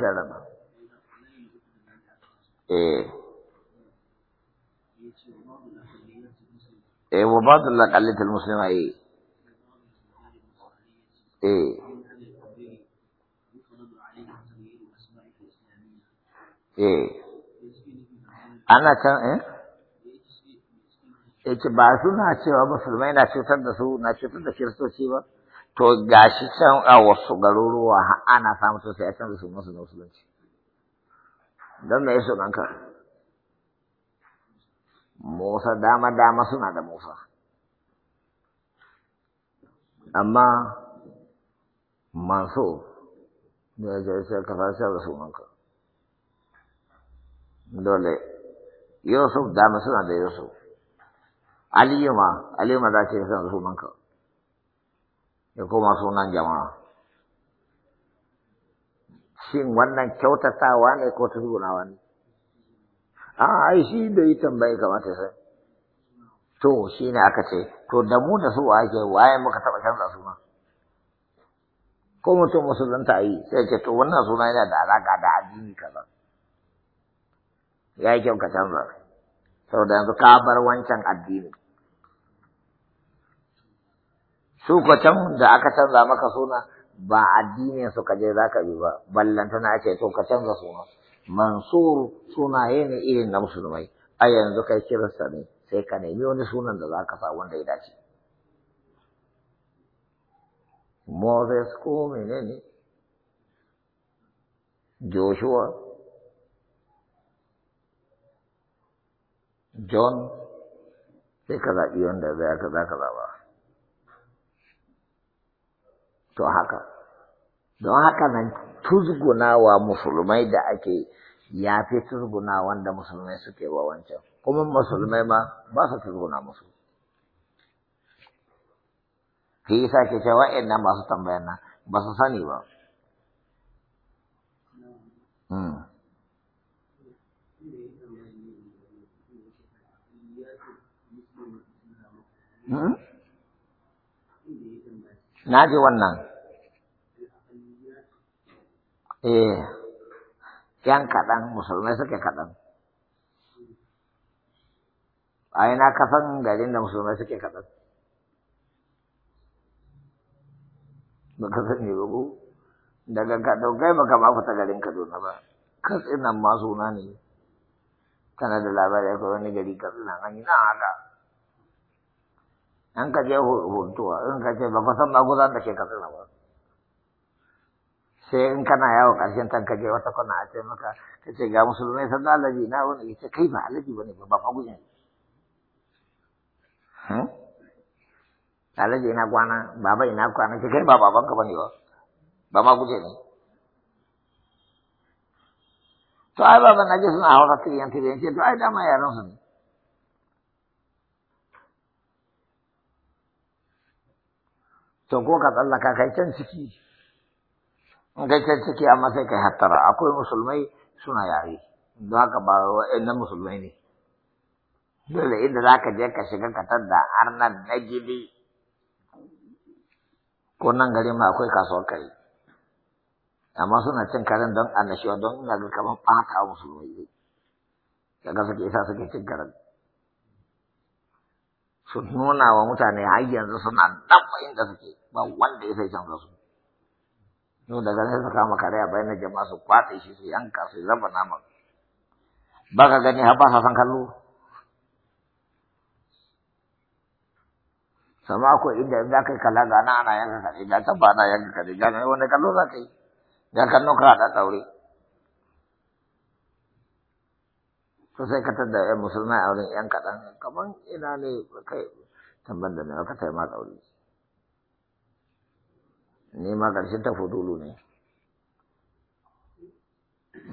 garaba eh eh wa ba'dul laqallat al musulma yi. Eh. eh eh ana can, eh Eh, ba suna cewa musulmai na cutar da su na cutar da kiristoci ba to gashi can a wasu garuruwa ana samu to sai a canza sunan su na musulunci don me yaso nan Musa dama dama suna da Musa amma manso ne ya ce ka fasa da sunan dole Yusuf dama suna da Yusuf Aliyu ma Aliyu ma za ce san sunan ka ya koma sunan jama'a shin wannan kyautatawa ne ko tsugunawa ne a ai shi da yi tambaye mata sai to shi ne aka ce to da mu da su ake waye muka taɓa canza ma. ko mutum musulunta yi sai ce to wannan suna yana da alaƙa da addini kaza ya yi kyau ka canza saboda yanzu ka bar wancan addini su ko can da aka canza maka suna ba addinin su kaje za ka bi ba ballantana ake so ka canza suna mansur sunaye ne irin na musulmai a yanzu kai kirista ne sai ka nemi wani sunan da za sa wanda ya dace Moses ko menene Joshua John sai ka zaɓi wanda za ka zaɓa to haka don haka nan tuzgunawa musulmai da ake ya fi tuzguna wanda musulmai suke wa wancan kuma musulmai ma ba su tuzguna musu shi ke cewa ina masu tambayar nan ba su sani ba hmm. Hmm? Na ji wannan, eh yan kaɗan musulmai suke kaɗan a yana kasan garin na musulmai suke kaɗan baka sani ba ko daga kadaukai baka ma fita garin kaduna ba Kasi ma suna ne kana da labari ko wani gari katsinan kan yi na haka an ka je huntuwa in ka kaje ba kusan ba kusan da ke katsina ba sai in kana yawo karshen tanka je wata kwana a ce maka ka ce ga musulmai sun da alaji na wani ya ce kai ba alaji ba ne ba fa gudun alaji ina kwana baba ina kwana ce kai ba baban ka bane ba ba ma guje ne to ai baba na ji suna hawa tiriyan tiriyan ce to ai dama yaran su ne to ko ka tsallaka kai can ciki gaskiyar ciki amma sai kai hattara akwai musulmai suna yare don haka ba wa'annan musulmai ne dole idan za ka je ka shiga ka tadda arnan na gidi ko nan gari ma akwai kasuwar kai amma suna cin karin don annashiwa don ina ga kamar ɓata musulmai ne kaga suke isa suke cin karen su nuna wa mutane har yanzu suna dabba inda suke ba wanda ya sai canza su yau daga nan su kama kare a bayan jama'a su kwaɗe shi su yanka su zama nama ba ka gani ha ba sa san kallo sama akwai inda in za ka yi kalla gana ana yanka kare ga ta ba na yanka kare ga na wani kallo za ka yi ga kallo ka haɗa ɗaure to sai ka tada yan musulmai a wurin yan kaɗan kamar ina ne kai tamban da ne ka taimaka ɗaure ne ma ƙarshen ta fudulu ne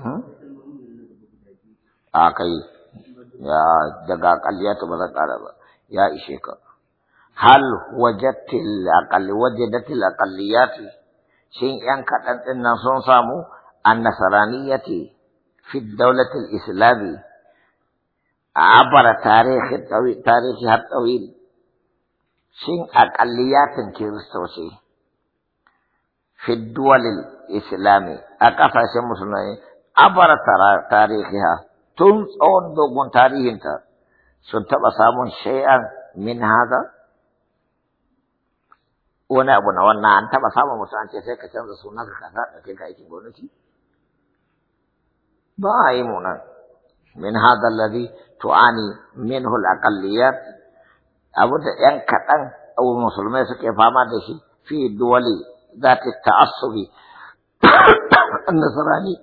hmm? a ah, kai ya daga akalliya ta ba za ƙara ba ya ishe ka hal wajatil akalli wajadatil shin yan kaɗan ɗin nan sun samu an ce? fi daulatil islami abara tarihi tarihi har tsawil shin akalliyatin kiristoci في الدول الإسلامية أكافة المسلمين أبرا تاريخها تنس أون دوغون تاريخ انت سنت بصابون شيئا من هذا ونا ابونا ونا انت بصابا مسلمان تسيكا تنس سنة كثار نتلقى ايتي بونتي دائمون من هذا الذي تعاني منه الأقليات أبدا ينكتن أو المسلمين سكيفا ما دشي في الدول ذات التعصب النصراني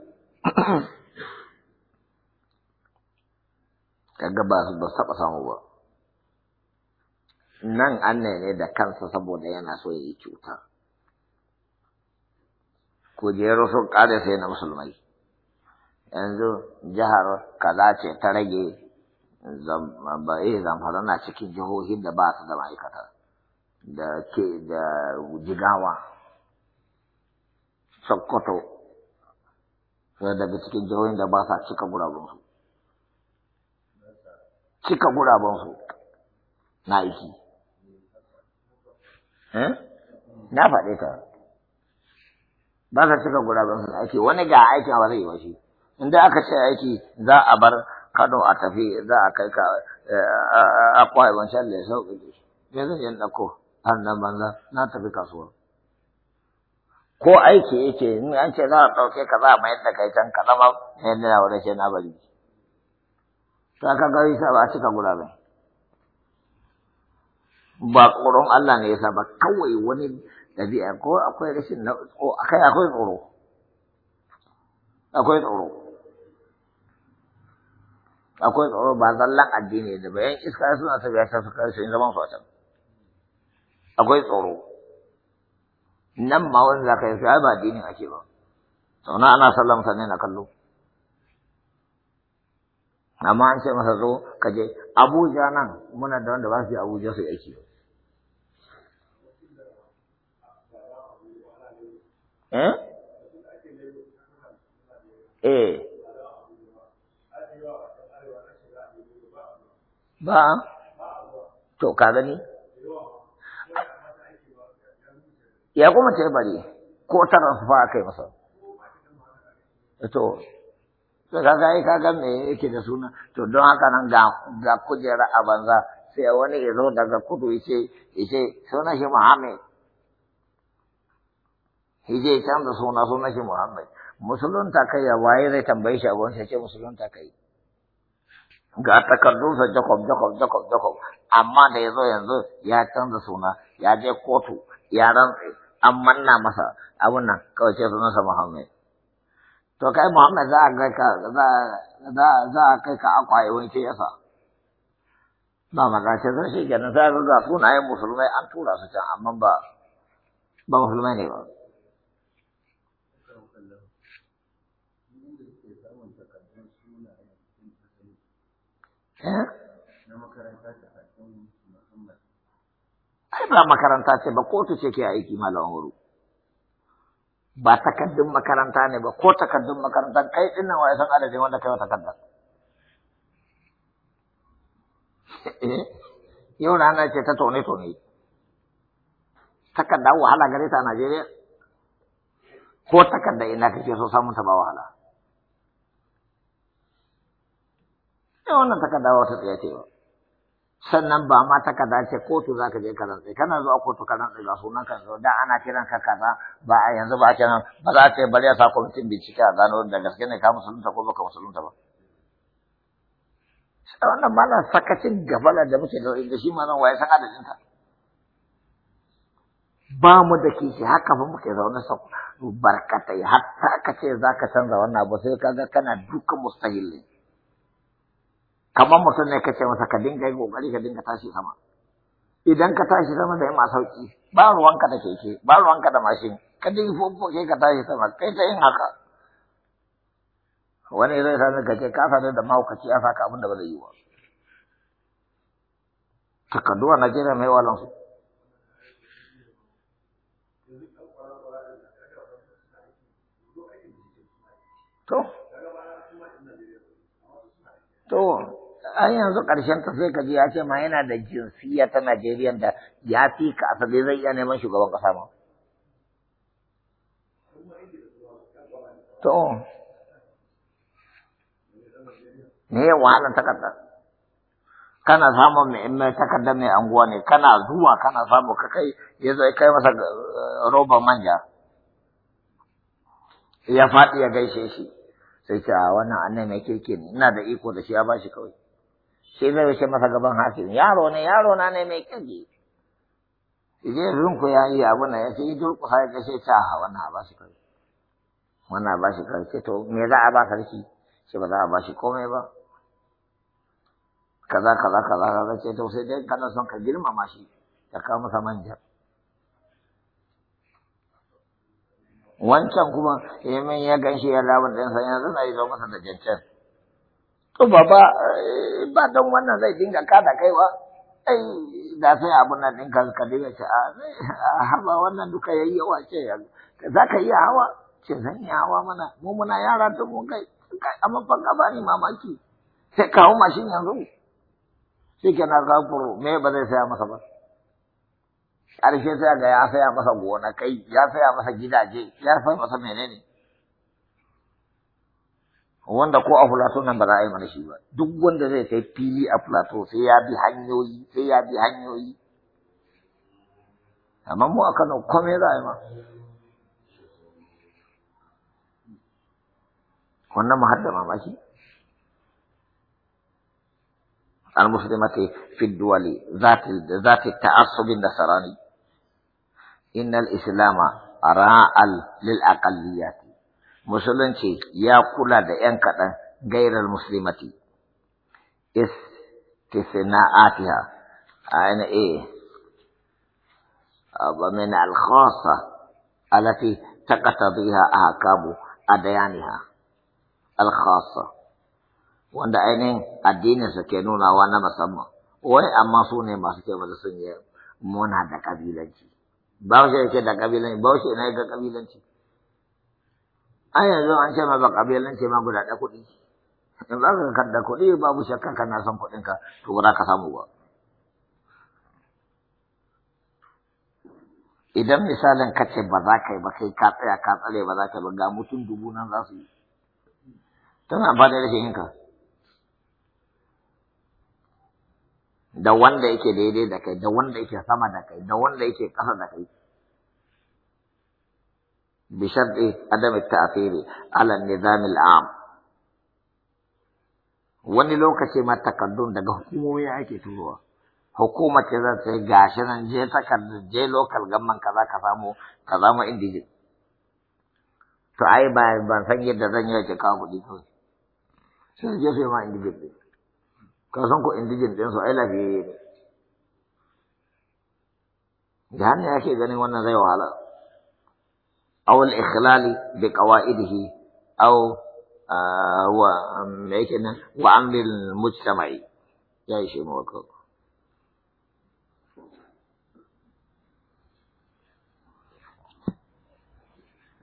kaga ba su ba saba samu ba nan an ne da kansa saboda yana so ya yi cuta kujeru sun ƙare sai na musulmai yanzu jihar kaza ce ta rage bai zamfara na cikin jihohin da ba su da ma'aikata da ke da jigawa Sokoto sai daga cikin jihohin da ba sa cika gurabansu Cika gurabansu na aiki. Na faɗe ka. Ba sa cika gurabansu na aiki, wani ga aikin ba zai yi ba shi. Inda aka ce aiki za a bar Kano a tafi za a kai ka eh, eh, eh, a kwaye ban shan da ya sauƙi. Me zai yi ɗauko har banza na tafi kasuwa. ko aiki yake in an ce za a ɗauke ka za a mayar da kai can ka zama sai na wani ce na bari ta ka gari sa ba a cika gurabe ba tsoron Allah ne yasa ba kawai wani ɗabi'a ko akwai rashin na akai akwai tsoro akwai tsoro akwai tsoro ba zallan addini ne ba iska suna tafiya ta su kai su in zaman fatan akwai tsoro nan ma wanda za ka yi ba addinin ake ba sauna ana sallan mutane na kallo amma an ce masa zo ka je abuja nan muna da wanda ba su je abuja su aiki eh? Eh. ba to ka gani ya kuma ce bari ko tarar fa aka yi masa to to kaga ai kaga me yake da suna to don haka nan ga ga kujera a banza sai wani ya zo daga kudu yace yace sunan shi Muhammad hije can da suna sunan shi Muhammad ta kai ya waye zai tambaye shi abun sai ce ta kai ga takardunsa Jacob jakob-jakob-jakob amma da ya zo yanzu ya canza suna ya je kotu Yaran an manna masa abun nan kawai ce sunansa Muhammad to kai Muhammad za a kai ka za a kai ka akwaye wani ce yasa ba magance zan shi kenan sai ga sunayen musulmai an tura su can amma ba ba musulmai ne ba Yeah. ai ba makaranta ce ba kotu ce ke aiki malam horo ba takaddun makaranta ne ba ko takaddun makaranta kai dinnan wa san adadin wanda kai wa eh, yau na ce ta tone tone takadda wahala gare ta a Najeriya ko takadda ina kake so samun ta ba wahala eh, wannan takadda wata tsaya ce ba sannan ba ma ta ka dace kotu za ka je ka rantse kana zuwa kotu ka rantse ba sunan ka zo da ana kiran ka kaza ba a yanzu ba a kiran ba za ka bari a sa kwamitin bincike a gano da gaske ne ka musulunta ko baka musulunta ba sai wannan mala sakacin gabala da muke da shi ma zan waye san da ta ba mu da kishi haka ba muke zaune sa barkatai hatta ka ce za ka canza wannan abu sai kaga kana dukkan mustahil kamar mutum ne kace masa ka dinga yi kokari ka dinga tashi sama idan ka tashi sama da yamma sauki ba ruwanka da keke ba ruwanka da mashin ka dinga fofo kai ka tashi sama kai ta yin haka wani zai sani ka ce ka sadu da mahaukaci ya saka abin da ba zai yi ba takarduwa na jira mai walon su to to a yanzu ƙarshen ta sai ka ji ya ce ma yana da jinsiya ta Najeriya da ya fi ka asali zai iya neman shugaban ƙasa ma. To, me ya wahalar takarda. Kana samun mai takardar mai anguwa ne, kana zuwa kana samu ka kai ya zai kai masa eh, roba manja. Ya faɗi ya gaishe shi, sai ce a wannan annan mai kirki ne, ina da iko da shi ya bashi kawai. sai na yaushe masa gaban hakim yaro ne yaro na ne mai kirki idan rinku ya yi abu na ya ce yi durku har ga sai ta hawa na ba shi kai wannan ba shi kai to me za a ba sarki sai ba za a ba shi komai ba kaza kaza kaza kaza ce to sai dai kana son ka girmama shi ka kawo masa manja wancan kuma yamin ya ganshi ya labar ɗansa yanzu na yi zo masa da jancan to baba, ba don wannan zai dinga kada kaiwa ai da sai abun nan ɗin ka dinga ce a ah, ah, haba wannan duka yayi yawa ce za ka iya hawa ce zan iya hawa mana mu muna yara to mun kai amma fa ka bani mamaki sai kawo mashin yanzu shi ke na me ba zai saya masa ba ƙarshe sai ga ya saya masa gona kai, ya saya masa gidaje ya saya masa menene wanda ko a Plato nan ba za a yi mana shi ba duk wanda zai kai fili a Plato sai ya bi hanyoyi sai ya bi hanyoyi amma mu a Kano kome za a yi ma wannan mu hadda mamaki المسلمة في الدول ذات ذات التعصب النصراني إن الإسلام راعى للأقليات musulunci ya kula da ‘yan kaɗan gairar musulmati, istisna'atiha aina e, ba min al-khassa alati taqtadiha ahkamu adayaniha khassa wanda ainihin addinin su ke nunawa na musamman wai amma su ne masu ke sun yi muna da kabilanci ba shi yake da kabilanci ba shi ina ga kabilanci ai yanzu an ce ma ba kabilan ce ma guda ɗaya kuɗi in za ka kada kuɗi babu shakka kana son kuɗinka, ka to ba za ka samu ba idan misalin ka ce ba za ka yi ba kai ka tsaya ka tsare ba za ka ba ga mutum dubu nan za su yi tana ba da rashin yinka da wanda yake daidai da kai da wanda yake sama da kai da wanda yake ƙasa da kai بشرط عدم التأثير على النظام العام wani lokaci ma takardun daga hukumomi ake turowa hukumar ce za ta yi gashi nan je takardu je lokal gamman za ka samu ka mu indijin to ai ba ban san yadda zan yi wace kawo kuɗi kawai sai je sai ma indijin ɗin ka san ko indijin ɗin su ai lafiyayye ne da hannu ke ganin wannan zai wahala أو الإخلال بقواعده أو آه وعمل المجتمع يا شيخ موكل